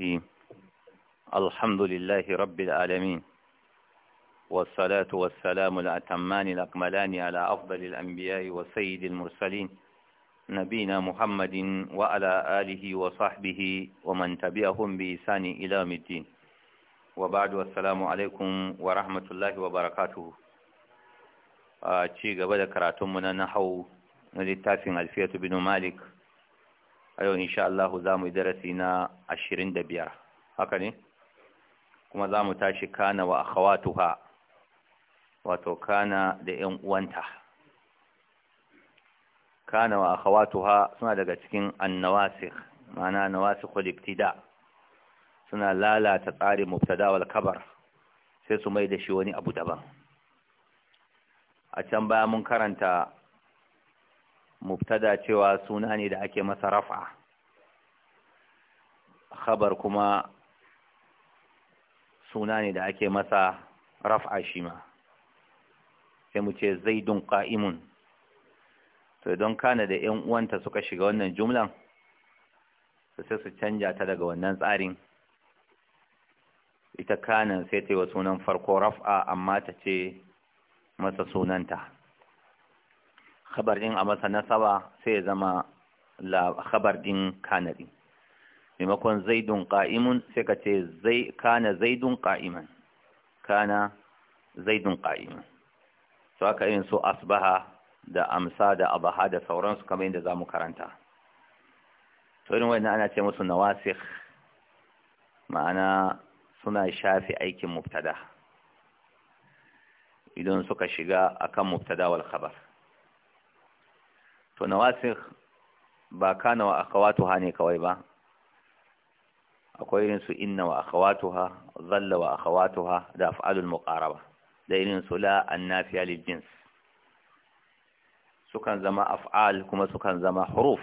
الرحيم الحمد لله رب العالمين والصلاة والسلام الأتمان الأكملان على أفضل الأنبياء وسيد المرسلين نبينا محمد وعلى آله وصحبه ومن تبعهم بإسان إلى الدين وبعد والسلام عليكم ورحمة الله وبركاته أتشيق آه، بدك راتمنا نحو na nahau بن مالك a yau insha Allah za mu yi darasi na ashirin da biyar haka ne kuma za mu tashi kana wa akhawatuha wato kana da ‘yan uwanta kana wa akhawatuha suna daga cikin annawasir ma'ana nawasikhul ibtida suna lalata tsarin mubtada wal kabar sai su mai da shi wani abu daban a can baya mun karanta mubtada cewa suna ne da ake masa rafa khabar kuma suna ne da ake masa rafa shi ma sai mu ce zaidun qa'imun to don kana da 'yan uwanta suka shiga wannan jumlan sai su canja ta daga wannan tsarin ita kanan sai ta yi wa sunan farko raf'a amma ta ce masa sunanta khabar din a masa nasaba sai ya zama la khabar din kanadi maimakon zaidun qa'imun sai ka ce zai kana zaidun qa'iman kana zaidun qa'iman to aka yin su asbaha da amsa da abaha da sauransu kamar yadda zamu karanta to irin wannan ana ce musu nawasikh ma'ana suna shafi aikin mubtada idan suka shiga akan mubtada wal khabar to nawasikh ba kana wa akhawatuha ne kawai ba akwai irin su inna wa akhawatuha Zalla wa akhawatuha da af'alul muqaraba da irin su la annafiya lil jins sukan zama af'al kuma sukan zama huruf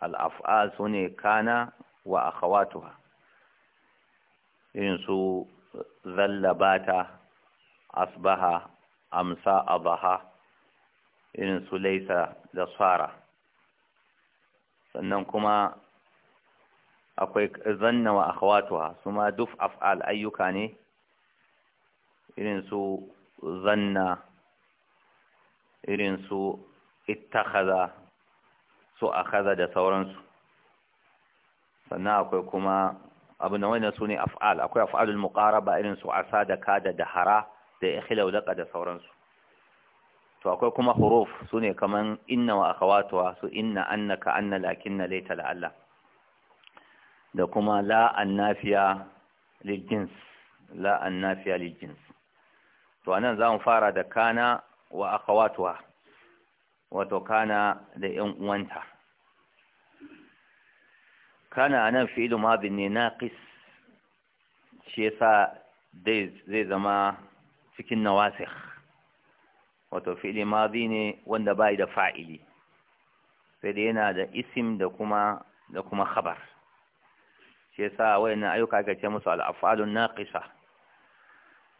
al af'al sune kana wa akhawatuha irin su dhalla bata asbaha amsa Abaha. irin su laisa da tsara sannan kuma akwai zanna wa Akwatuwa su ma duf af'al ayyuka ne irin su zanna irin su ittakhadha su akhadha da sauransu sannan akwai kuma abu na wannan su ne af'al akwai af'alul muqaraba irin su asa da kada da hara da ikhla da da sauransu to akwai kuma huruf su ne kaman inna wa akhawatuha su inna annaka anna lakinna laita la'alla da kuma la'annafiya, annafiya la'annafiya, jins la annafiya lil jins to anan zamu fara da kana wa akhawatuha wato kana da 'yan uwanta kana anan fi'lu madhi ne naqis shi yasa zai zama cikin nawasikh wato fi'li ne wanda bai da fa'ili sai dai yana da isim da kuma da kuma khabar shi yasa wayannan ayyuka ake ce musu al-af'alun naqisa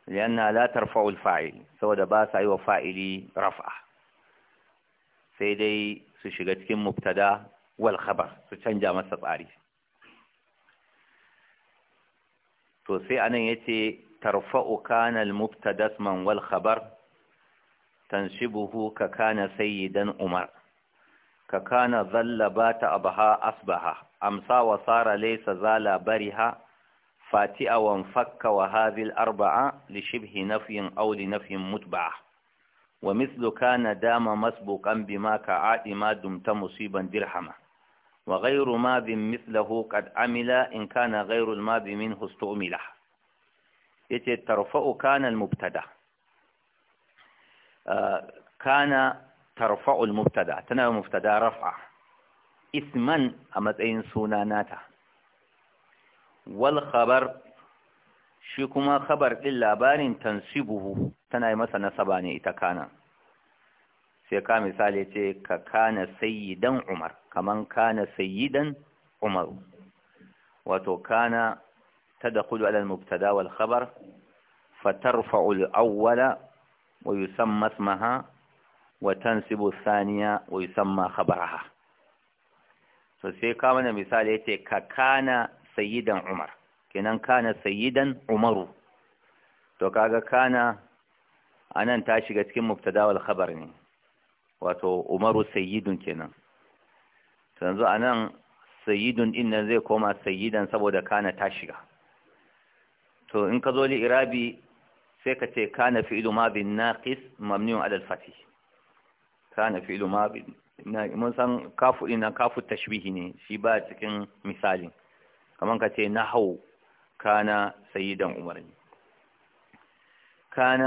lianna la tarfa'u al-fa'il saboda ba sa yi wa fa'ili raf'a sai dai su shiga cikin mubtada wal khabar su canja masa tsari to sai anan yace tarfa'u kana al wal khabar تنسبه ككان سيدا عمر ككان ظل بات أبها أصبح أمسى وصار ليس زال برها فاتئ وانفك وهذه الأربعة لشبه نفي أو لنفي متبع ومثل كان دام مسبوقا بما كعاد ما دمت مصيبا درحما وغير ماض مثله قد عمل إن كان غير الماضي منه استعمله يترفع كان المبتدأ آه، كان ترفع المبتدا تنوي مبتدا رفع اسما امتين سوناناتا والخبر شي كما خبر الا بار تنسبه تنا مثلا سباني تكانا كان سي كان مثال يتي كان سيدا عمر كما كان سيدا عمر وتو كان تدخل على المبتدا والخبر فترفع الاول ويسمى اسمها وتنسب الثانية ويسمى خبرها فسي كامنا مثال يتي كان سيدا عمر كنان كان سيدا عمر to kaga kana anan ta shiga cikin mubtada wal ne wato umaru sayyidun kenan yanzu anan sayyidun ɗinnan zai koma sayyidan saboda kana ta shiga to in ka zo li سيكتي كان فعل ماضي ناقص ممنوع على الفتح كان فعل ماضي مثلا كافو إن كافو التشبيه سيبات كن مثال كما كتي نحو كان سيدا عمر كان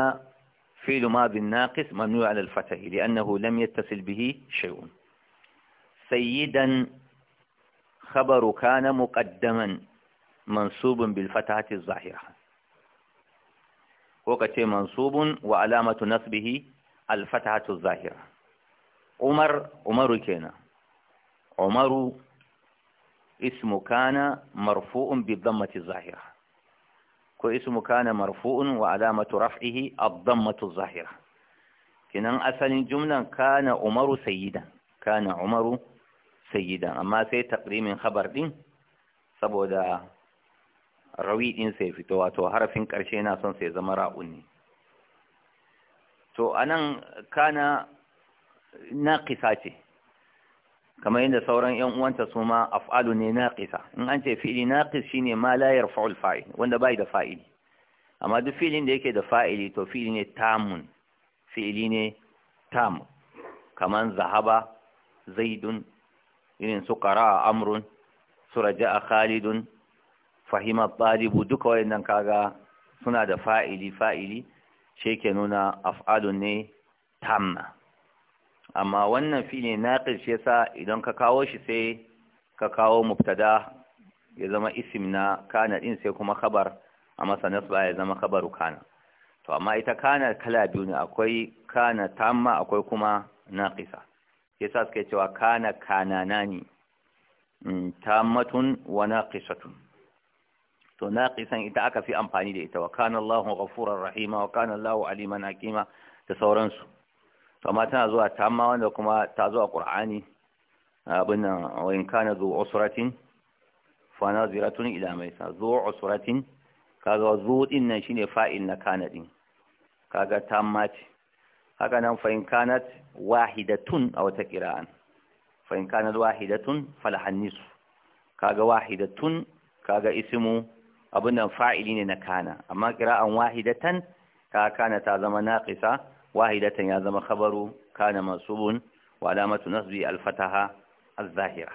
فعل ماضي ناقص ممنوع على الفتح لأنه لم يتصل به شيء سيدا خبر كان مقدما منصوب بالفتحة الظاهرة ko ka ce mansubun wa alamatu nasbihi alfatahatu zahira umar umaru kenan umaru ismu kana marfu'un bi dhammati zahira ko ismu kana marfu'un wa alamatu raf'ihi ad-dhammatu zahira kinan asalin jumlan kana umaru sayyidan kana umaru sayyidan amma sai taqrimin khabar din saboda rawi din sai fito wato harafin ƙarshe yana son sai zama ra'un ne to anan kana naqisa ce kamar yadda sauran yan uwanta su ma af'alu ne naqisa in an ce fi'li naqis shine ma la yarfa'u al-fa'il wanda bai da fa'ili amma duk fi'lin da yake da fa'ili to fi'li ne tamun fi'li ne tam kaman zahaba zaidun irin su qara'a amrun su a khalidun fahimar ɗalibu duka waɗannan kaga suna da fa'ili fa'ili shi ke nuna af'alu ne tamma amma wannan fi ne na ƙarshe sa idan ka kawo shi sai ka kawo mubtada ya zama isim na kana ɗin sai kuma kabar a masa nasba ya zama kabaru kana to amma ita kana kala biyu ne akwai kana tamma akwai kuma naqisa yasa suke cewa kana kananani mm, tammatun wa naqisatun to naqisan ita aka fi amfani da ita wa kana Allahu ghafurur rahima wa kana Allahu aliman hakima da sauransu to amma tana zuwa tamma wanda kuma ta zuwa Qur'ani abin nan wa in kana zu usratin fa naziratun ila maisa zu usratin kaga zu din nan shine fa'il na kana din kaga tamma ce haka nan fa in kanat wahidatun aw ta qira'an fa in kanat wahidatun falahan nisfu kaga wahidatun kaga ismu abin nan fa'ili ne na kana amma kira'an wahidatan ta kana ta zama naqisa wahidatan ya zama khabaru kana mansubun wa alamatu nasbi al-fataha az-zahira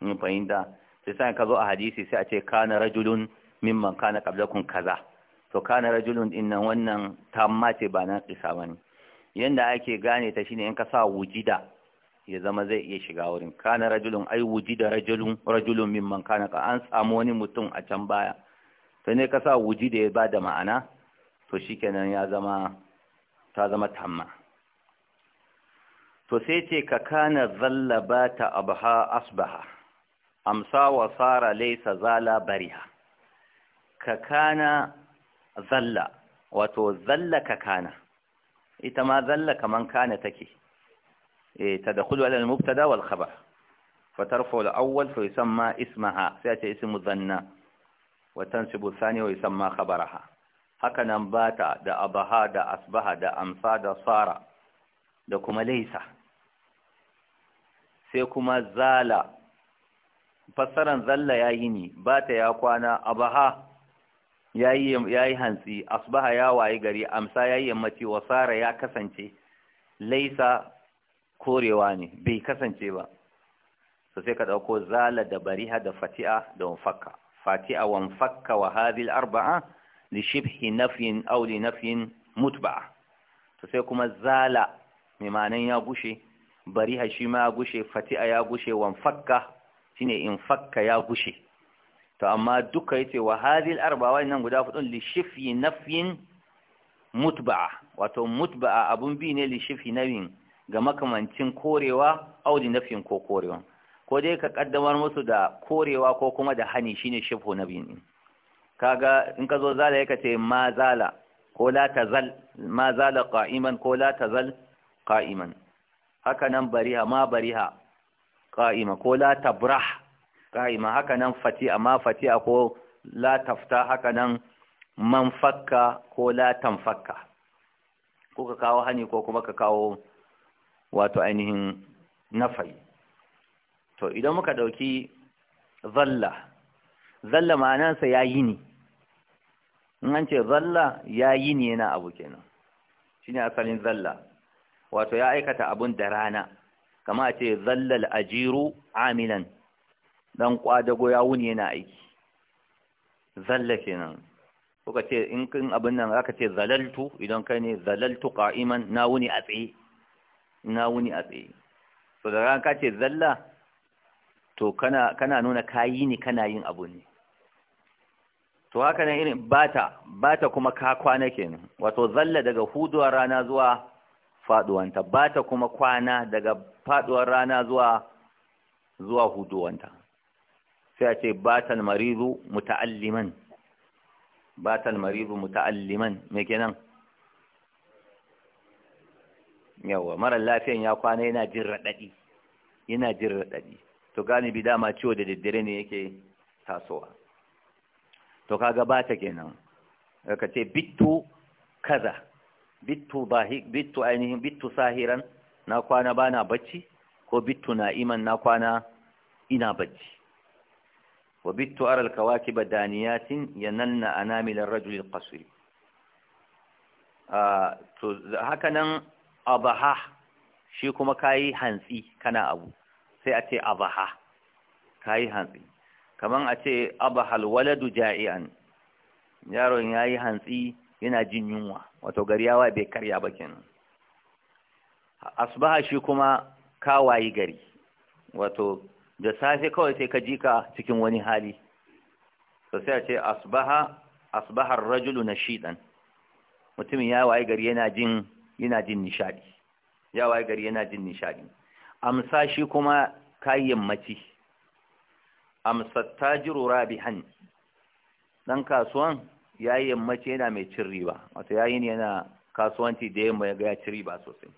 mun fahimta sai sai ka zo a hadisi sai a ce kana rajulun mimman kana qablakum kaza to kana rajulun dinnan wannan ta ce ba ba bane yanda ake gane ta shine in ka sa wujida ya zama zai iya shiga wurin kana rajulun ai wuji da rajulun rajulun mimman kana ka an samu wani mutum a can baya to ne ka sa da ya ba da ma'ana to shikenan ya zama ta zama tamma to sai ce ka kana zalla ta abha asbaha amsa wa sara laysa zala bariha ka kana zalla wato zalla ka kana ita ma zalla kaman kana take تدخل على المبتدا والخبر فترفع الأول فيسمى اسمها سيأتي اسم الظنة وتنسب الثاني ويسمى خبرها هكذا نبات دا أبها دا أصبها دا أمسا دا صار دا كما ليس سيكما زال فسرا زل يايني بات يا أقوانا أبها yayi hantsi أصبها يا waye gari amsa yayi yammaci wasara ya kasance laisa korewa ne bai kasance ba so sai ka dauko zala da bariha da fati'a da wanfakka fati'a wanfakka wa hadhihi al-arba'a li shibhi nafyin aw li nafyin mutba'a to sai kuma zala mai manan ya gushe bariha shi ma ya gushe fati'a ya gushe wanfakka shine in fakka ya gushe to amma duka yace wa hadhihi al-arba'a nan guda fudun li shifyi nafyin mutba'a wato mutba'a abun bi ne li shifyi nafyin ga makamancin korewa audi nafin ko korewa ko dai ka kaddamar musu da korewa ko kuma da hani shine shifo na biyu kaga in ka zo zala ya kace ma zala ko la tazal ma zala qa'iman ko la tazal qa'iman haka nan bariha ma bariha qa'ima ko la tabrah qa'ima haka nan fati'a ma fati'a ko la tafta haka nan man fakka ko la tanfakka ko ka kawo hani ko kuma ka kawo wato ainihin nafai to idan muka ɗauki zalla zalla ma'anansa ya yi ne in an ce zalla ya yi ne yana abu kenan shi ne asalin zalla wato ya aikata abun da rana kama a ce zallal ajiru amilan dan kwadago ya wuni yana aiki zalla kenan kuka ce in abin nan aka ce zalaltu idan kai ne zalaltu kaiman na wuni a tsaye na wuni a tsaye so da ran ka ce zalla to kana kana nuna kayi ne kana yin abu ne to haka nan irin bata bata kuma ka kwana kenan wato zalla daga huduwar rana zuwa faduwanta bata kuma kwana daga faduwar rana zuwa zuwa huduwanta sai a ce batal marizu muta'alliman batal marizu muta'alliman me kenan yawa mara lafiyan ya kwana yana jin raɗaɗi yana jin raɗaɗi to bi dama ciwo da daddare ne yake tasowa to kaga bata kenan ka ce bittu kaza bittu bahi bittu ainihin bittu sahiran na kwana bana bacci ko bittu iman na kwana ina bacci wa bittu aral ba daniyatin ya anamil ar-rajul al ah, to haka nan abaha shi kuma kayi hantsi kana abu sai a ce abaha kayi hantsi kaman a ce abahal waladu ja'ian yaron yayi hantsi yana jin yunwa wato gari yawa bai karya ba kenan asbaha shi kuma kawayi gari wato da safe kawai sai ka ji ka cikin wani hali to sai a ce asbaha asbaha ar-rajulu nashidan mutumin ya waye gari yana jin yana jin nishadi ya waye gari yana jin nishaɗi. amsa shi kuma kayyin mace amsa tajiru rabihan dan kasuwan yayin yammaci yana mai cin riba wato yayin yana kasuwanci da yamma ya ga ya riba sosai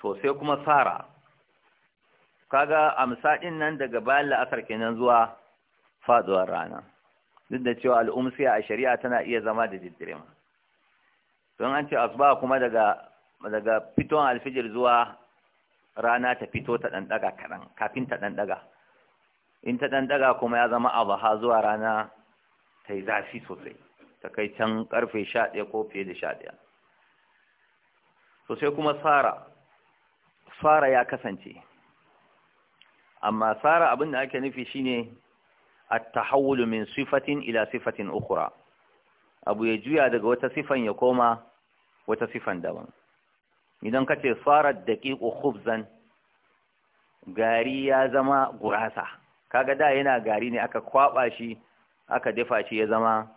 to sai kuma sara kaga amsa din nan daga bayan la'asar kenan zuwa faduwar rana duk da cewa al'umsiya a shari'a tana iya zama da diddirema don an ce asuba kuma daga daga fiton alfijir zuwa rana ta fito ta ɗanɗaga kaɗan, kafin ta ɗanɗaga, in ta ɗanɗaga kuma ya zama a baha zuwa rana ta yi zafi sosai ta kai can karfe ɗaya ko fiye da ɗaya sosai kuma tsara tsara ya kasance amma tsara abin da ake nufi shine a tahawul min sifatin ila sifatin ukura abu ya juya daga wata sifan ya koma wata sifan daban idan ka ce sarar daƙiƙo hufzan, gari ya zama gurasa kaga da yana gari ne aka kwaɓa shi aka dafa shi ya zama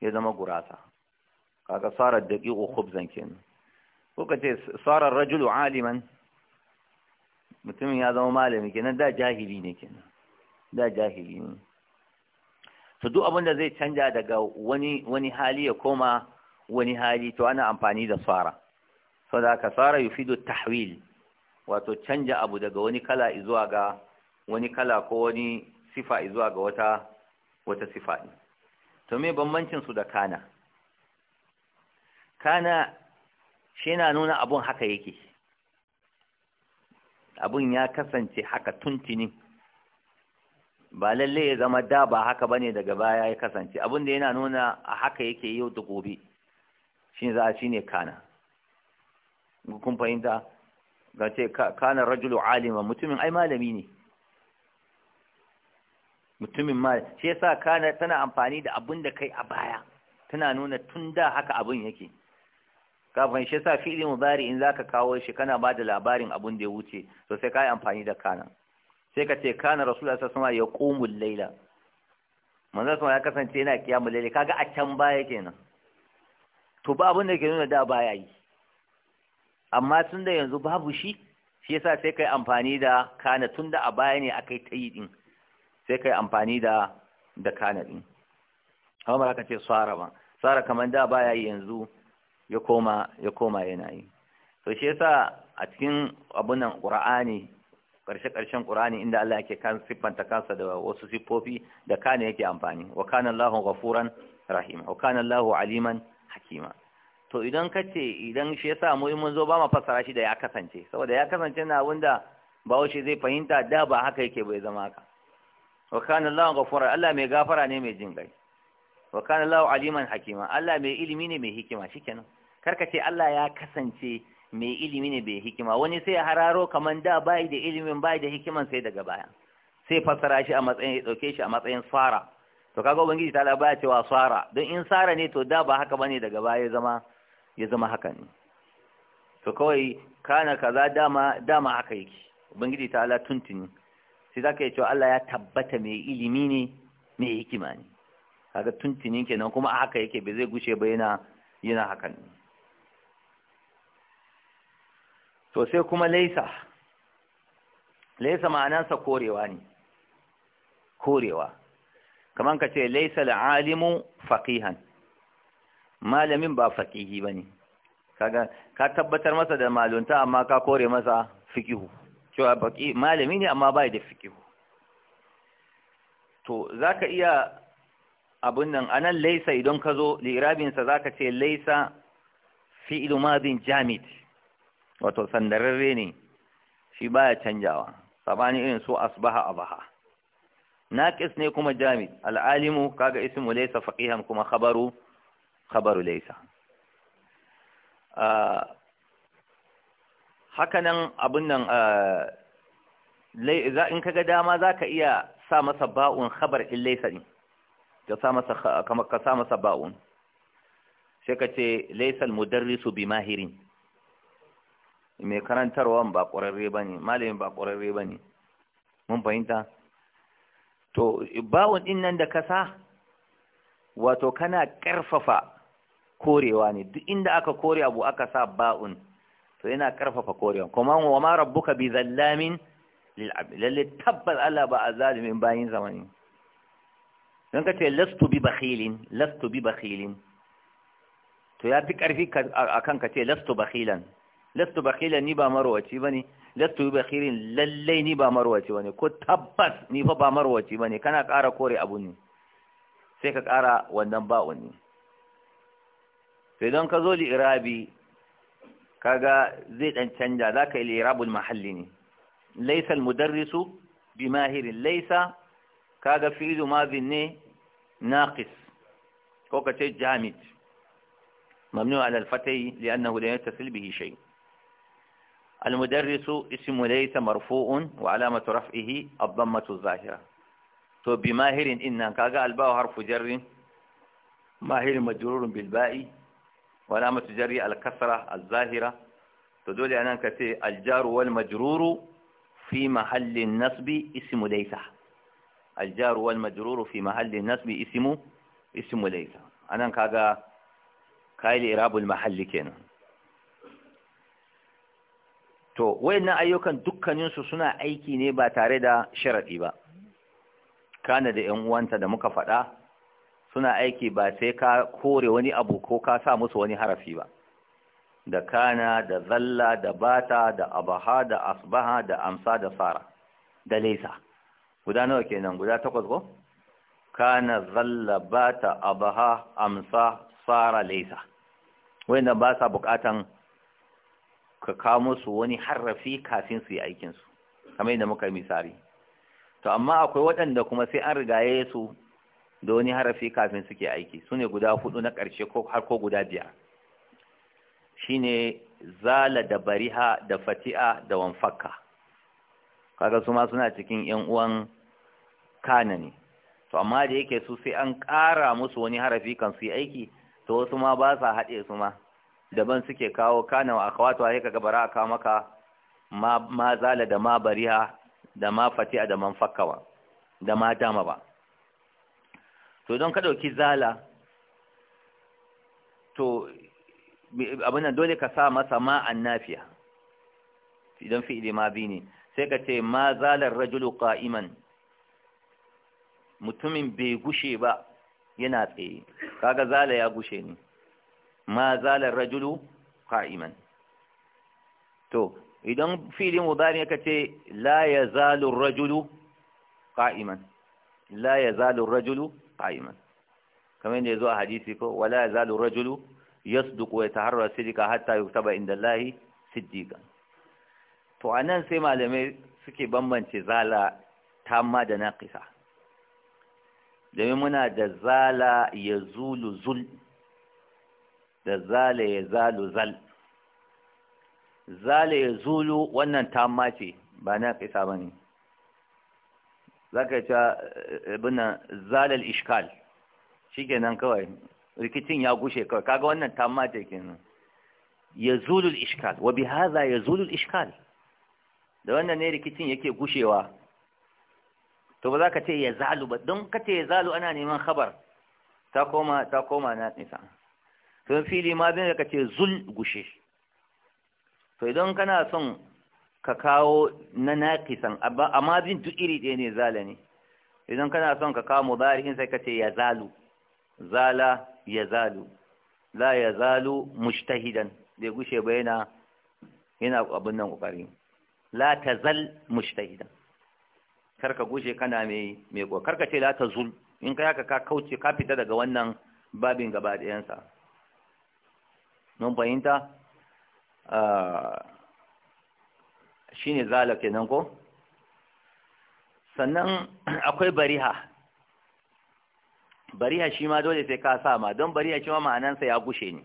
ya zama gurasa kaga sarar daƙiƙo hufzan kenan ko ka ce sarar rajulu aliman mutumin ya zama malami kenan da jahili ne kenan da jahili ne su duk abin da zai canja daga wani wani hali ya koma wani hali to ana amfani da sara saboda ka sara yufidu tahwil wato canja abu daga wani kala zuwa ga wani kala ko wani sifa zuwa ga wata wata sifa ne to me bambancin su da kana kana shi yana nuna abun haka yake abun ya kasance haka tuntini ba lalle ya zama da ba haka bane daga baya ya kasance abun da yana nuna a haka yake yau da gobe Shin za a shi ne kana kun fahimta ga ce kana rajulu alima mutumin ai malami ne mutumin ma shi yasa kana tana amfani da abin da kai a baya tana nuna tun da haka abin yake kafin shi yasa fi'li bari in za ka kawo shi kana ba da labarin abin da ya wuce to sai yi amfani da kana sai ka ce kana rasulullahi sama ya wasallam Laila. layla sama ya kasance yana kiyamul layli kaga a can baya kenan to ba abin da ke nuna da baya yi amma tun da yanzu babu shi shi yasa sai kai amfani da kana tun da a baya ne akai ta yi din sai kai amfani da da kana din amma ka ce tsara ba sara kamar da baya yi yanzu ya koma ya koma yana yi to shi yasa a cikin abun nan qur'ani karshe karshen qur'ani inda Allah yake kan siffanta kansa da wasu siffofi da kana yake amfani wa kana Allahu ghafuran rahim wa kana Allahu aliman hakima to idan ka ce idan shi yasa mu mun zo ba mu fassara shi da ya kasance saboda ya kasance na wanda shi zai fahimta da ba haka yake bai zama haka wa kana Allah ghafura Allah mai gafara ne mai jin kai wa kana Allah aliman hakima Allah mai ilimi ne mai hikima shikenan karka ce Allah ya kasance mai ilimi ne mai hikima wani sai hararo kaman da bai da ilimin bai da hikiman sai daga baya sai fassara shi a matsayin ya dauke shi a matsayin fara. to kaga ubangiji ta baya cewa sara don in sara ne to da ba haka bane daga baya ya zama ya zama haka ne to kawai kana kaza dama dama haka yake ubangiji ta ala tuntuni sai zaka yi cewa Allah ya tabbata mai ilimi ne mai hikima ne kaga tuntunin kenan kuma a haka yake bai zai gushe ba yana yana hakan ne to sai kuma laisa laisa ma'anarsa korewa ne korewa kamar ka ce laisa alimu faqihan malamin ba faqihi bane kaga ka tabbatar masa da malunta amma ka kore masa fiqihu cewa baki malami ne amma bai da fiqihu to zaka iya abun nan anan laisa idan ka zo lirabinsa sa zaka ce laisa fi'lu madin jamid wato sandararre ne shi baya canjawa sabani irin su asbaha abaha naqis ne kuma jami al'alimu kaga ismu laysa faqihan kuma khabaru khabaru laysa ah, hakanan abun nan ah, in kaga dama zaka iya sa masa ba'un khabar in laysa ne ka sa masa kamar ka sa masa ba'un sai ka ce laysa al-mudarrisu bi mahirin mai karantarwa ba ƙwararre bane malamin ba ƙwararre bane mun fahimta to bawon din nan da kasa wato kana karfafa korewa ne duk inda aka kore abu aka sa ba'un to yana karfafa korewa kuma wa ma rabbuka bi zallamin lil abid lalle tabbal Allah ba azalimin bayin zamani don ka ce lastu bi bakhilin lastu bi bakhilin to ya fi karfi akan ka ce lastu bakhilan lastu bakhilan ni ba marwaci bane lattu bi khairin lallai ni ba marwaci bane ko tabbas ni fa ba marwaci bane kana ƙara kore abu ne sai ka ƙara wannan ba wani sai don ka zo li irabi kaga zai dan canja ka yi irabul mahalli ne laysa al mudarrisu bi mahirin laysa kaga fi'lu madhin ne naqis ko kace jamid ala على الفتي لأنه لا يتصل bihi shay' المدرس اسم ليس مرفوع وعلامة رفعه الضمة الظاهرة تو بماهر إن كاغا الباء حرف جر ماهر مجرور بالباء وعلامة جر الكسرة الظاهرة تدل على كتي الجار والمجرور في محل النصب اسم ليس الجار والمجرور في محل النصب اسم اسم ليس أنا كاغا كايل إراب المحل كينا to wayannan ayyukan dukkaninsu suna aiki ne ba tare da sharaɗi ba kana da ‘yan uwanta da muka faɗa suna aiki ba sai ka kore wani abu ko ka sa musu wani harafi ba da kana da zalla da bata da abaha da asbaha da amsa da fara da laisa guda nawa kenan guda takwas ko kana zalla bata abaha amsa fara laisa wayanda ba sa bukatan ka kawo musu wani harrafi kafin su yi aikinsu kamar yadda muka misali to amma akwai waɗanda kuma sai an rigaye su da wani harafi kafin suke aiki su ne guda hudu na ƙarshe har ko guda biyar shi ne zala da bariha da fati'a da wanfakka kaga su ma suna cikin ‘yan uwan kana ne to amma da yake su sai an ƙara musu wani harafi kan su yi aiki to wasu ma ba sa haɗe su ma daban suke kawo kana wa akhawatu ka kaga bara aka maka ma ma zala da ma bariha da ma fati'a da man fakkawa da ma dama ba to don ka dauki zala to abin nan dole ka sa masa ma annafiya idan fi'ili ma bi ne sai ka ce ma zalar rajulu qa'iman mutumin bai gushe ba yana tsaye kaga zala ya gushe ne ma zalar rajulu qa'iman to idan filin mudari ka ce la yazalu rajulu qa'iman la yazalu rajulu qa'iman kamar yadda yazo a hadisi ko wa wala yazalu rajulu yasduqu wa yataharra sidqa hatta yuktaba inda Allah siddiqan to a nan sai malamai suke bambance zala ta ma da naqisa domin muna da zala ya zulu zul da zale ya zalu zal zale ya zulu wannan tamma ce ba na kisa ba ne za ka ta eh, abinan zalal ishkal shi kenan kawai rikicin ya gushe kawai kaga wannan tamma ce kenan ya zulu ishkal wa bi haza ya zulu ishkal da wannan ne rikicin yake gushewa to ba za ka ce ya zalu ba don ka ce ya zalu ana neman khabar ta koma ta koma na nisa sun fili ma zai ka ce zul gushe to idan kana son ka kawo na naqisan amma zin duk iri ɗaya ne zala ne idan kana son ka kawo mudari'in sai ka ce ya zalu zala ya zalu la ya zalu mujtahidan bai gushe ba yana yana abin nan kokari la zal mujtahidan karka gushe kana mai mai karka ce la zul in ka ka kauce ka fita daga wannan babin gaba ɗayansa mun fahimta ah, shi ne zala kenan ko sannan akwai bariha bariha shi ma dole sai ka sa ma don bariha shi ma ma'anansa ya gushe ne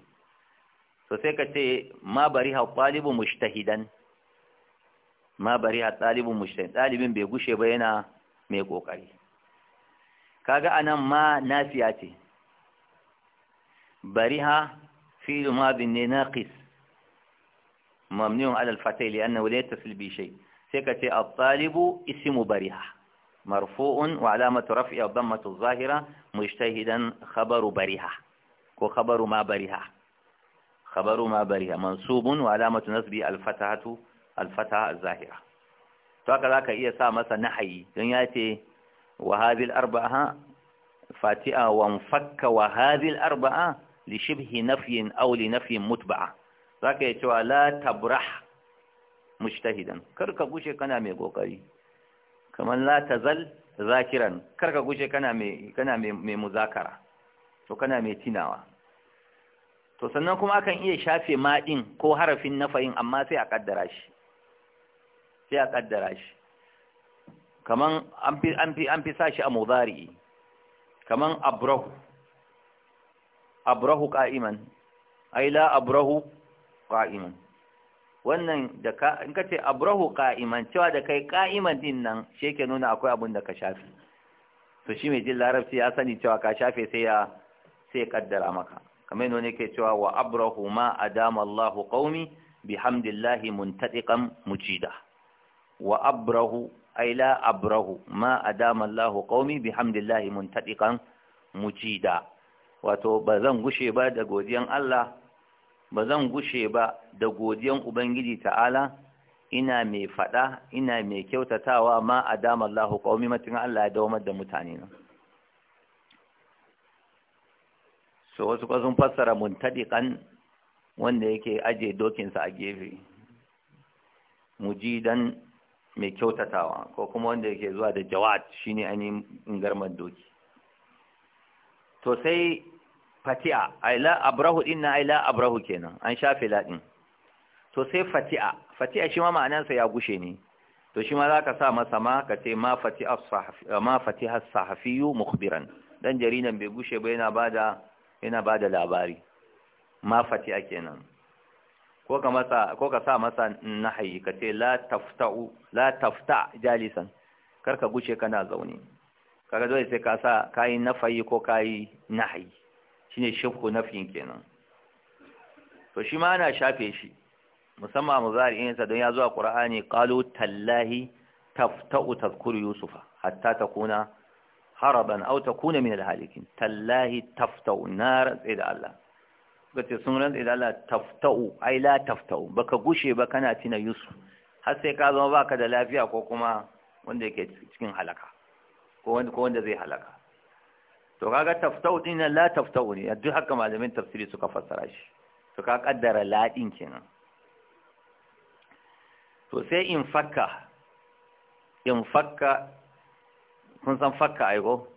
to sai ka ce ma bariha ɗalibu mushtahidan ma bariha ɗalibu mushtahidan ɗalibin bai gushe ba yana mai ƙoƙari kaga anan ma nasiya ce bariha ما ماضي ناقص ممنوع على الفتح لأنه لا يتصل به شيء سكتي الطالب اسم بريح مرفوع وعلامة رفع الضمة الظاهرة مجتهدا خبر بريح وخبر ما بريح خبر ما بريح منصوب وعلامة نصب الفتحة الفتحة الظاهرة فهكذا كإيسا مثلا نحي يأتي وهذه الأربعة فاتئة وانفك وهذه الأربعة li shibhi nafyin aw li nafyin mutba'a zaka yi cewa la tabrah mujtahidan kar ka gushe kana mai kokari kamar la tazal zakiran kar ka gushe kana mai kana mai muzakara to kana mai tinawa to sannan kuma kan iya shafe maɗin ko harafin nafayin amma sai a kaddara shi sai a kaddara shi kaman an fi an fi an fi sashi a mudari kaman abrahu abrahu qa'iman ai la abrahu qa'iman wannan da ka in kace abrahu qa'iman cewa da kai qa'iman din nan sheke nuna akwai abin da ka shafe to shi mai jin larabci ya sani cewa ka shafe sai ya sai kaddara maka kamar yadda yake cewa wa abrahu ma adama Allah qaumi bihamdillahi muntadiqan mujida wa abrahu ay la abrahu ma adama Allah qaumi bihamdillahi muntadiqan mujida wato ba zan gushe ba da godiyan Allah ba zan gushe ba da godiyan Ubangiji ta'ala ina mai fada ina mai kyautatawa ma a Allahu ƙaumi matin Allah ya dawamar da mutane na so wasu sun fassara muntadiqan wanda yake aje dokinsa a gefe mujidan mai kyautatawa ko kuma wanda yake zuwa da jawad shine ainihin ingarmar doki to sai fati'a aila abrahu na aila abrahu kenan an shafe ladin to sai fati'a fati'a shi ma ma'anarsa ya gushe ne to shi ma zaka sa masa ma ka ce ma fati'a sahafi ma fatiha sahafiyu mukhbiran dan jaridan bai gushe ba yana bada yana bada labari ma fati'a kenan ko ka masa ko ka sa masa nahayi ka ce la tafta'u la tafta jalisan Kar ka gushe kana zaune kaga dole sai ka sa kayi nafayi ko kayi nahi shine shirku nafin kenan to shi ma ana shafe shi musamman muzari'in sa don ya zuwa qur'ani qalu tallahi tafta'u tadhkuru yusufa hatta takuna haraban aw takuna min alhalikin tallahi tafta'u nar da Allah gace sun ran da Allah tafta'u ai la tafta'u baka gushe ba kana tina yusuf har sai ka zama baka da lafiya ko kuma wanda yake cikin halaka ko wanda ko wanda zai halaka to kaga taftau din la taftau ne duk haka malamin tafsiri suka fassara shi to ka kaddara ladin kenan to sai in fakka in fakka kun san fakka ai go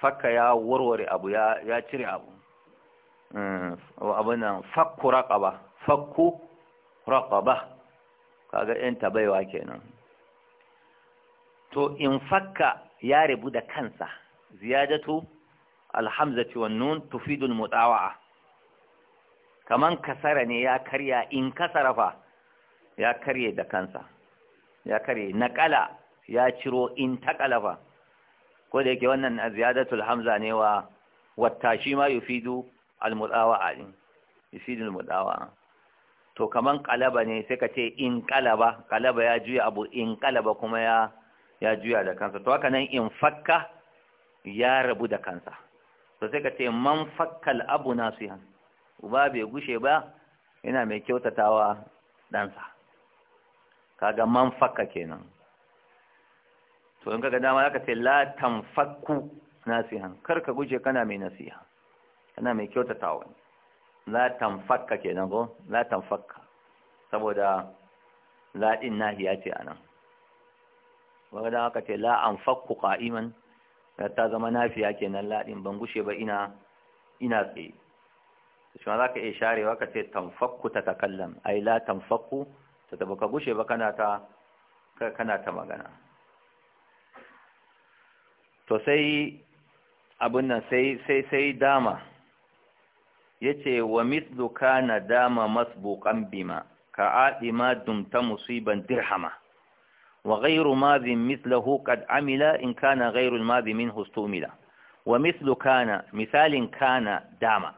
fakka ya warware abu ya ya cire abu mm, abin nan fakku raqaba fakku raqaba kaga yan tabaiwa kenan to in fakka ya rabu da kansa ziyadatu alhamzati wan nun tufidu almutawa'a kaman kasara ne ya karya in kasarafa ya karye da kansa ya karye naqala ya ciro in taqalafa ko da yake wannan ziyadatu alhamza ne wa wattashi ma yufidu almutawa'a din yufidu almutawa'a to kaman qalaba ne sai ka ce in qalaba qalaba ya juya abu in qalaba kuma ya ya juya da kansa to haka nan in fakka ya rabu da kansa to sai ka ce man fakkal abu nasihan uba bai gushe ba yana mai kyautatawa ɗansa kaga man fakka kenan to in kaga dama zaka ce la tanfakku nasihan kar ka guje kana mai nasiha kana mai kyautatawa la tanfakka kenan ko la tanfakka saboda la din nahiya ce anan wanda da aka ce la an fakku qa'iman ta zama nafiya kenan nan din ban gushe ba ina ina tsaye shi ma ka iya sharewa ka ce ta tatakallam ai la tanfakku ta ka gushe ba kana ta kana ta magana to sai abin nan sai sai sai dama ce wa mithlu kana dama masbuqan bima ka adima dumta musiban dirhama وغير ماذ مثله قد عمل إن كان غير الماذ منه استعمل ومثل كان مثال كان داما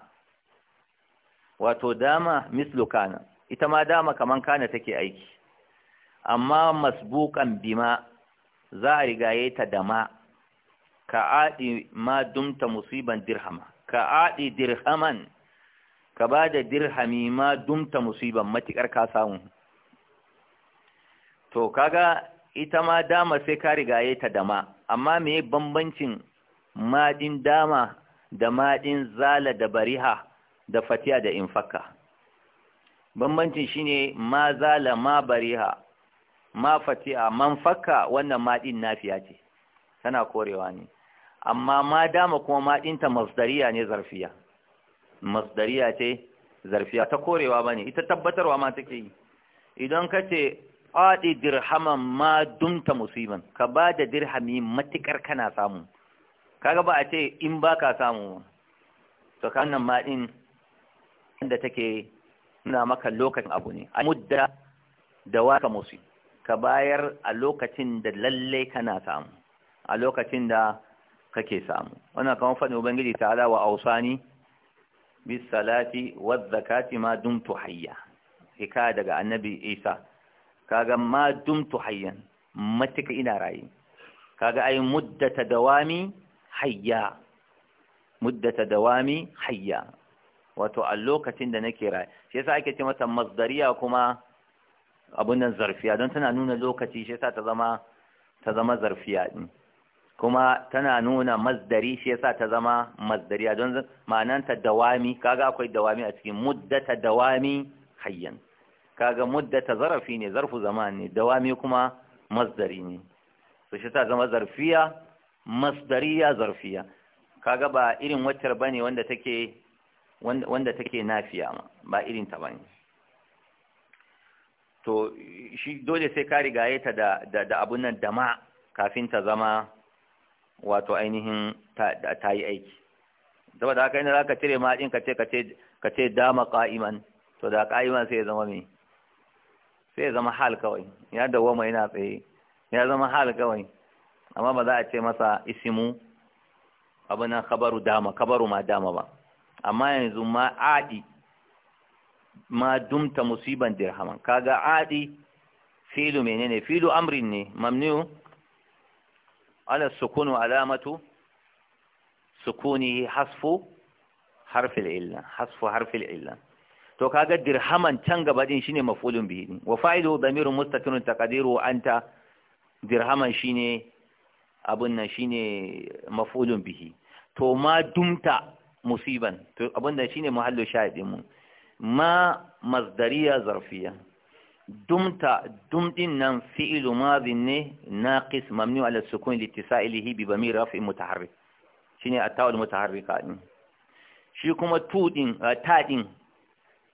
وتداما مثل كان إتما داما كمان كان تكي أيك أما مسبوقا بما ذارق أيت دما كعادي ما دمت مصيبا درهما كعادي درهما كباد درهمي ما دمت مصيبا ما تكر كاساونه to kaga ita ma dama sai ka rigaye ta dama amma me bambancin maɗin dama da maɗin zala da bariha da fatiya da infaka bambancin shine ma zala ma bariha ma fatiya man fakka wannan maɗin nafiya ce tana korewa ne amma ma dama kuma maɗinta masdariya ne zarfiya masdariya ce zarfiya ta korewa ba ne ita tabbatarwa ma take yi idan ka ce adi dirhaman ma dumta musiman. ka ba da dirhami matukar kana samu kaga ba a ce in ba ka samu to nan ma din da take nuna maka lokacin abu ne a mudda da waka musu ka bayar a lokacin da lalle kana samu a lokacin da kake samu wannan kamar faɗin ubangiji ala wa ausani bis salati waz zakati ma dumtu hayya hikaya daga annabi isa kaga ma dumtu hayyan matuka ina raye kaga ai muddata dawami hayya muddata dawami hayya wato a lokacin da nake raye shi yasa ake ce mata masdariya kuma abun nan zarfiya don tana nuna lokaci shi yasa ta zama ta zama zarfiya din kuma tana nuna masdari shi yasa ta zama masdariya don ma'ananta dawami kaga akwai dawami a cikin muddata dawami hayyan kaga muddata zarafi ne zarfu zaman ne dawami kuma masdari ne to shi ta zama zarfiya masdariya zarfiya kaga ba irin waccar bane wanda take wanda take nafiya ma ba irin ta bane to shi dole sai ka rigaye ta da da, da abun nan da ma kafin ta zama wato ainihin ta, ta yi aiki saboda haka inda zaka cire ma din ka ce ka ce ka ce dama qa'iman to da qa'iman sai ya zama mai sai ya zama hal kawai ya dawwama yana tsaye ya zama hal kawai amma ba za a ce masa isimu na kabaru dama kabaru ma dama ba amma yanzu ma adi ma dumta musiban dirhaman kaga adi filu menene filu amrin ne mamnu ala sukunu alamatu sukuni hasfu harfil illa hasfu harfil illa to kaga dirhaman can gaba din shine maf'ulun bihi din wa fa'ilu damirun mustatirun taqdiru anta dirhaman shine abun nan shine maf'ulun bihi to ma dumta musiban to abun da shine muhallu shahidin mu ma masdariya zarfiya dumta dum din nan fi'lu madhin ne naqis mamnu ala sukun litisa'ilihi bi bamir raf'i mutaharrik shine at-tawul mutaharrika shi kuma tu din ta din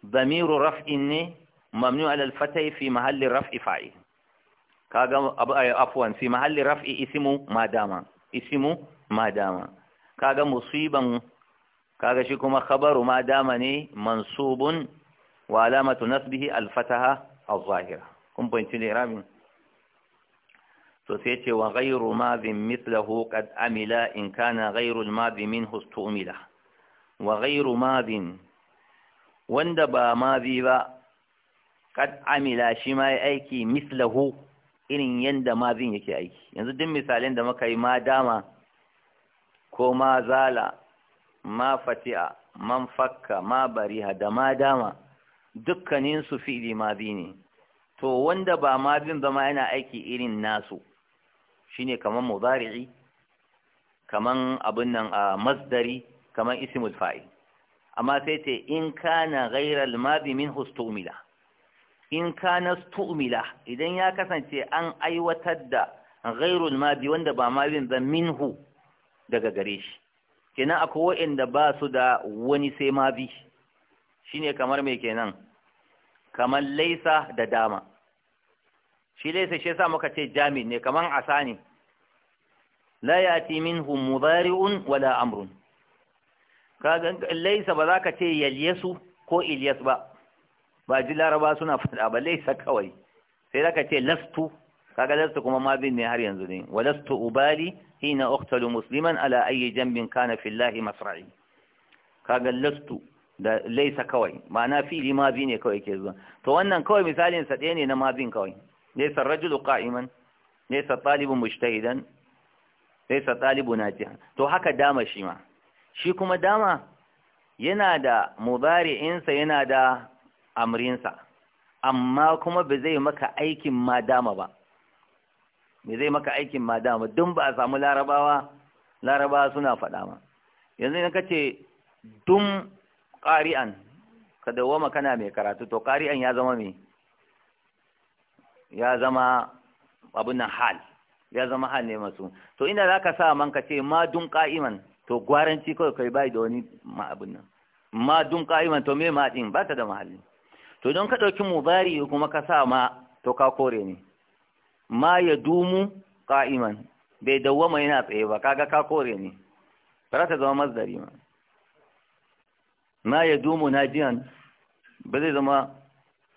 damiru raf'in ne mamnu ala fi mahalli raf'i fa'il kaga afwan fi mahalli raf'i ismu ma dama ismu ma dama kaga musiban kaga shi kuma khabaru ma dama ne mansubun wa alamatu nasbihi alfataha az-zahira kun fahimci ne ramin to ce wa ghairu madhin mithlahu qad amila in kana ghairu al wa ghairu madhin wanda ba ma bi ba kad amila shi ma ya aiki mislahu irin yanda ma bin yake aiki yanzu duk misalin da muka yi ma dama ko ma zala ma fati'a man fakka ma bariha da ma dama dukkanin su fi'li ma bi ne to wanda ba ma bin ba ma yana aiki irin nasu shine kaman mudari'i kaman abin nan a masdari kaman ismul fa'il amma sai ce in kana ghairal mabi min hustumila in kana stumila idan ya kasance an aiwatar da ghairul mabi wanda ba mabin ba minhu daga gare shi kenan akwai wa'anda ba su da wani sai mabi shine kamar mai kenan kamar laisa da dama shi laisa shi yasa muka ce jami ne kamar asani la yati minhu mudari'un wala amrun ka ga laisa ba za ka ce yalyesu ko ilyas ba ba ji laraba suna faɗa ba laisa kawai sai za ka ce lastu kaga lastu kuma ma bin ne har yanzu ne wa lastu ubali hina uqtalu musliman ala ayi jambin kana fillahi masra'i kaga lastu da laisa kawai ma'ana fili ma bi ne kawai ke zuwa to wannan kawai misalin sa ɗaya ne na ma bin kawai laysa rajulu qa'iman laysa talibun mujtahidan laysa talibu najihan to haka dama shi ma shi kuma dama yana da mubari'insa yana da amrinsa amma kuma ba zai maka aikin ma dama ba ba zai maka aikin ma dama don ba a samu larabawa larabawa suna faɗa ma yanzu in kace ƙari'an ka dawoma kana mai karatu to ƙari'an ya zama mai ya zama abin hal ya zama hal ne masu to inda za ka sa man ka ce ma dun ƙa'iman to gwaranci kawai kai bai da wani ma abin nan ma dun qa'iman to me ma din ba ta da mahalli to don ka dauki mudari kuma ka sa ma to ka kore ne ma ya dumu qa'iman bai dawwama yana tsaye ba kaga ka kore ne ba ta zama masdari ma ma ya dumu najiyan ba zai zama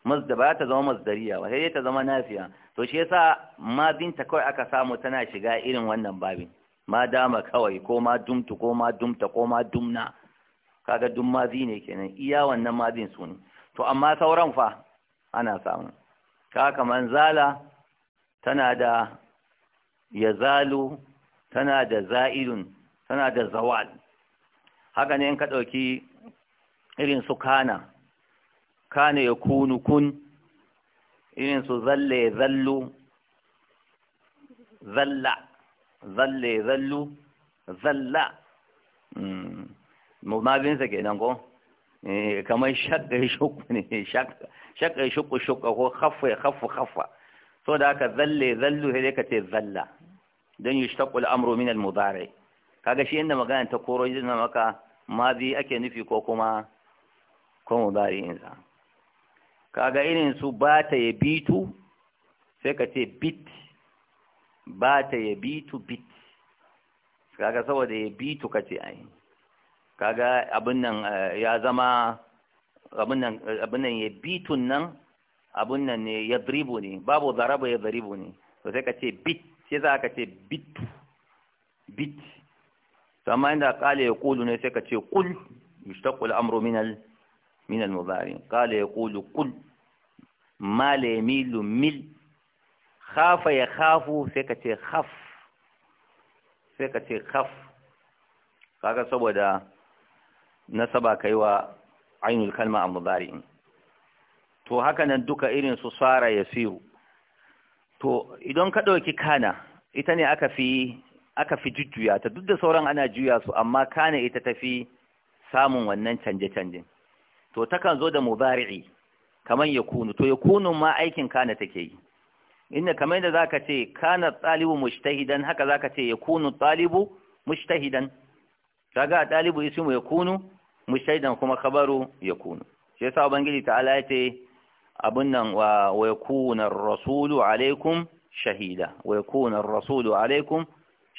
masdar ba ta zama masdariya ba sai ta zama nafiya to shi yasa ma binta kawai aka samu tana shiga irin wannan babin ma dama kawai ko ma dumtu ko ma dumta ko ma dumna kaga dum mazi ne kenan iya wannan mazin su ne to amma sauran fa ana samu ka Manzala zala tana da yazalu tana da za'ilun tana da zawal haka ne in ka ɗauki irin su kana kana ya kunu kun irin su zalle zallu zalla zalle zallu zalla hmm. mabinsa kenan ko eh, kamar shakka shukku ne shakka shukku shukka ko khaffa khaffa khaffa so da ka zalle zallu sai ka ce zalla don yushtaqul amru min al-mudari kaga shi inda magana ta koro yana maka mazi ake nufi ko kuma ko mudari insa kaga irin su bata ya bitu sai ka ce bit ba ta ya bitu bit kaga saboda ya bitu kace ai kaga abin nan eh, ya zama abin nan eh, abin nan ya bitun nan abin nan ne ya dribu ne babu zaraba ya dribu ne to sai kace bit sai za ka ce bit bit to amma inda ya kulu ne sai kace kul, yushtaqu amru min al min al-mudari qala yaqulu qul ma la yamilu mil khafa ya khafu sai ka ce khaf sai ka ce khaf kaga saboda nasaba kaiwa ainul kalma al-mudari'in to haka nan duka irin su sara yasiru to idan ka dauki kana ita ne aka fi aka fi jujjuya ta duk da sauran ana juya su amma kana ita tafi samun wannan canje canje to takan zo da mudari'i kaman yakunu to yakunun ma aikin kana take yi inda kamar yadda zaka ce kana talibu mujtahidan haka zaka ce yakunu talibu mujtahidan kaga talibu ismu yakunu mujtahidan kuma khabaru yakunu shi yasa ubangiji ta'ala ya abun nan wa yakuna ar-rasulu alaikum shahida wa yakuna ar-rasulu alaikum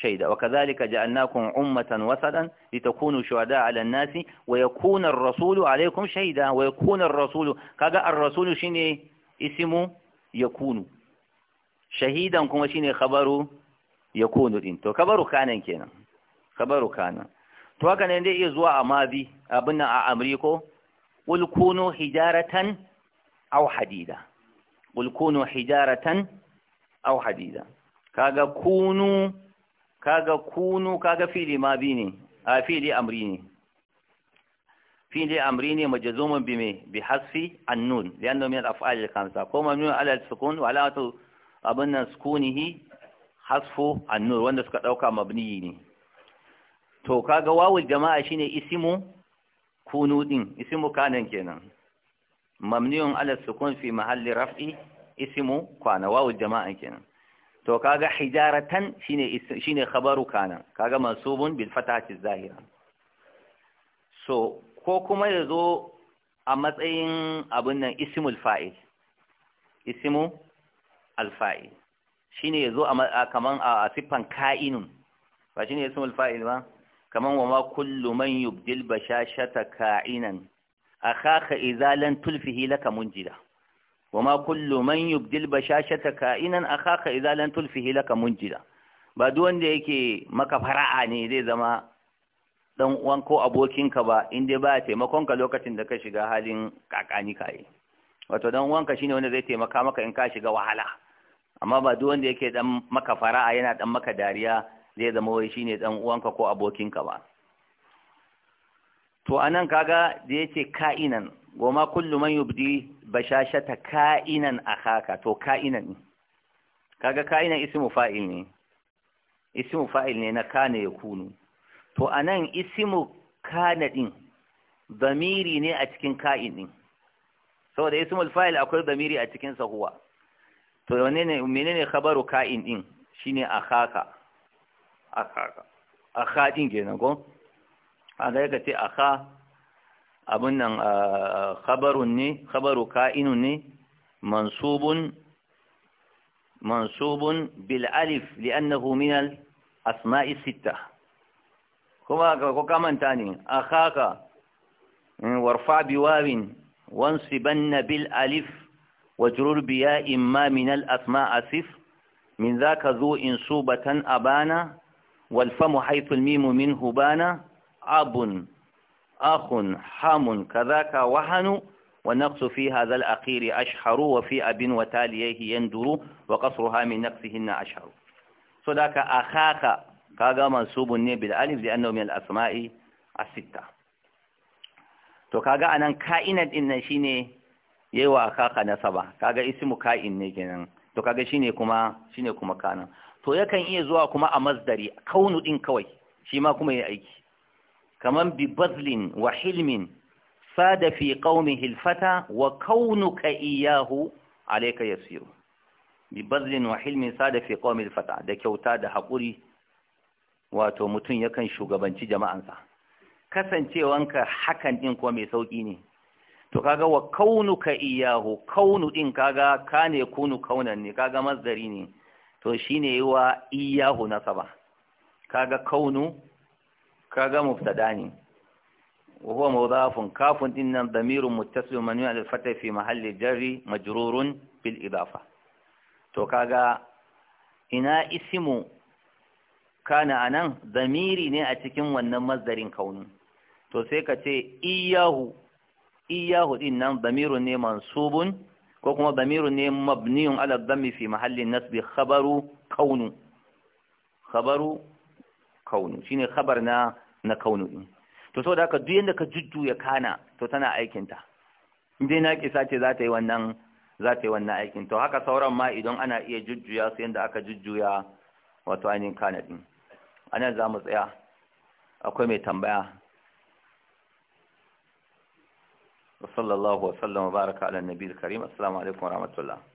شهيدا وكذلك جعلناكم أمة وسطا لتكونوا شهداء على الناس ويكون الرسول عليكم شهيدا ويكون الرسول كذا الرسول شنو اسمه يكون shahidan kuma shine khabaru yakunu din to khabaru kanan kenan khabaru kanan to haka ne dai iya zuwa a mabi abin nan a amri ko qul kunu hijaratan aw hadida qul kunu hijaratan aw hadida kaga kunu kaga kunu kaga fili mabi ne a fili amri ne fili amri ne bi فعل أمرين مجزوم بما بحذف النون لأنه من الأفعال الخمسة قوم al sukun wa وعلامة abin nan sukunihi hasfu annur wanda suka ɗauka mabniyi ne to kaga wawul jama'a shine isimu kunu din ismu kanan kenan mamniyun ala sukun fi mahalli raf'i Isimu kana wawul jama'a kenan to kaga hijaratan shine shine khabaru kana kaga mansubun bil fatahati zahira so ko kuma yazo a matsayin abin nan ismul fa'il ismu ne ya zo a kaman a siffan ka'inun ba ya sun alfa’i ba kaman wa ma kullum man sha bashashata ka'inan akhaka idza lan tulfihi laka jida wa ma kullum man sha bashashata ka'inan akhaka idza lan tulfihi laka jida ba duk wanda yake maka fara'a ne zai zama dan uwan ko abokinka ba in dai ba taimakon ka lokacin da ka shiga halin kakani kai wato dan uwanka shine wanda zai taimaka maka in ka shiga wahala amma ba duk wanda yake dan maka fara'a yana dan maka dariya zai zama wai shine dan uwanka ko abokinka ba to anan kaga da yace ka'inan goma kullu man yubdi bashashata ka'inan akhaka to ka'inan kaga ka'inan ismu fa'il ne ismu fa'il ne na kana yakunu to anan ismu kana din damiri ne a cikin ka'in din saboda ismul fa'il akwai damiri a cikin sa huwa to menene menene khabaru ka'in din shine akhaka akhaka akha din kenan ko aga yake ce akha abun nan khabarun ne khabaru ka'inun ne mansubun mansubun bil alif li'annahu min al asma'i sittah kuma ko kamanta ne akhaka warfa biwawin wansibanna bil alif wajrur biya imma min al-asma asif min zo in subatan abana wal famu haythu al-mimu min hubana abun akhun hamun kadhaka wahanu ونقص في هذا الأخير أشهر وفي أب وتاليه يندر وقصرها من نقصهن أشهر صدق أخاك كاغا منصوب بالألف لأنه من الأسماء الستة to kaga anan ka'inat din nan shine yayi wa kaka nasaba kaga ismu ka'in ne kenan to kaga shine kuma shine kuma kana to yakan iya zuwa kuma a masdari kaunu ɗin kawai shi ma kuma yi aiki kaman bi bazlin wa hilmin sada fi qaumihi alfata wa kaunuka iyahu alayka yasiru bi bazlin wa hilmin sada fi qaumihi alfata da kyauta da haƙuri, wato mutum yakan shugabanci jama'ansa kasancewanka hakan ɗin ko mai sauƙi ne to kaga wa kaunuka iyahu kaunu din kaga kane kunu kaunan ne kaga mazari ne to shine wa iyahu nasaba kaga kaunu kaga mubtada ne wa huwa mudafun kafun din nan damirun muttasilun manwi al fatah fi mahalli jarri majrurun bil idafa to kaga ina isimu kana anan damiri ne a cikin wannan mazarin kaunu to sai ka ce iyahu iyahu din nan damirun ne mansubun ko kuma damirun ne mabniyun ala dhammi fi mahallin nasbi khabaru kaunu khabaru kaunu shine khabar na na kaunu din to saboda haka duk yanda ka jujjuya kana to tana aikin ta indai na kisa ce za ta yi wannan za ta yi wannan aikin to haka sauran ma idan ana iya jujjuya su yanda aka jujjuya wato ainihin kana din anan za mu tsaya akwai mai tambaya وصلى الله وسلم وبارك على النبي الكريم السلام عليكم ورحمة الله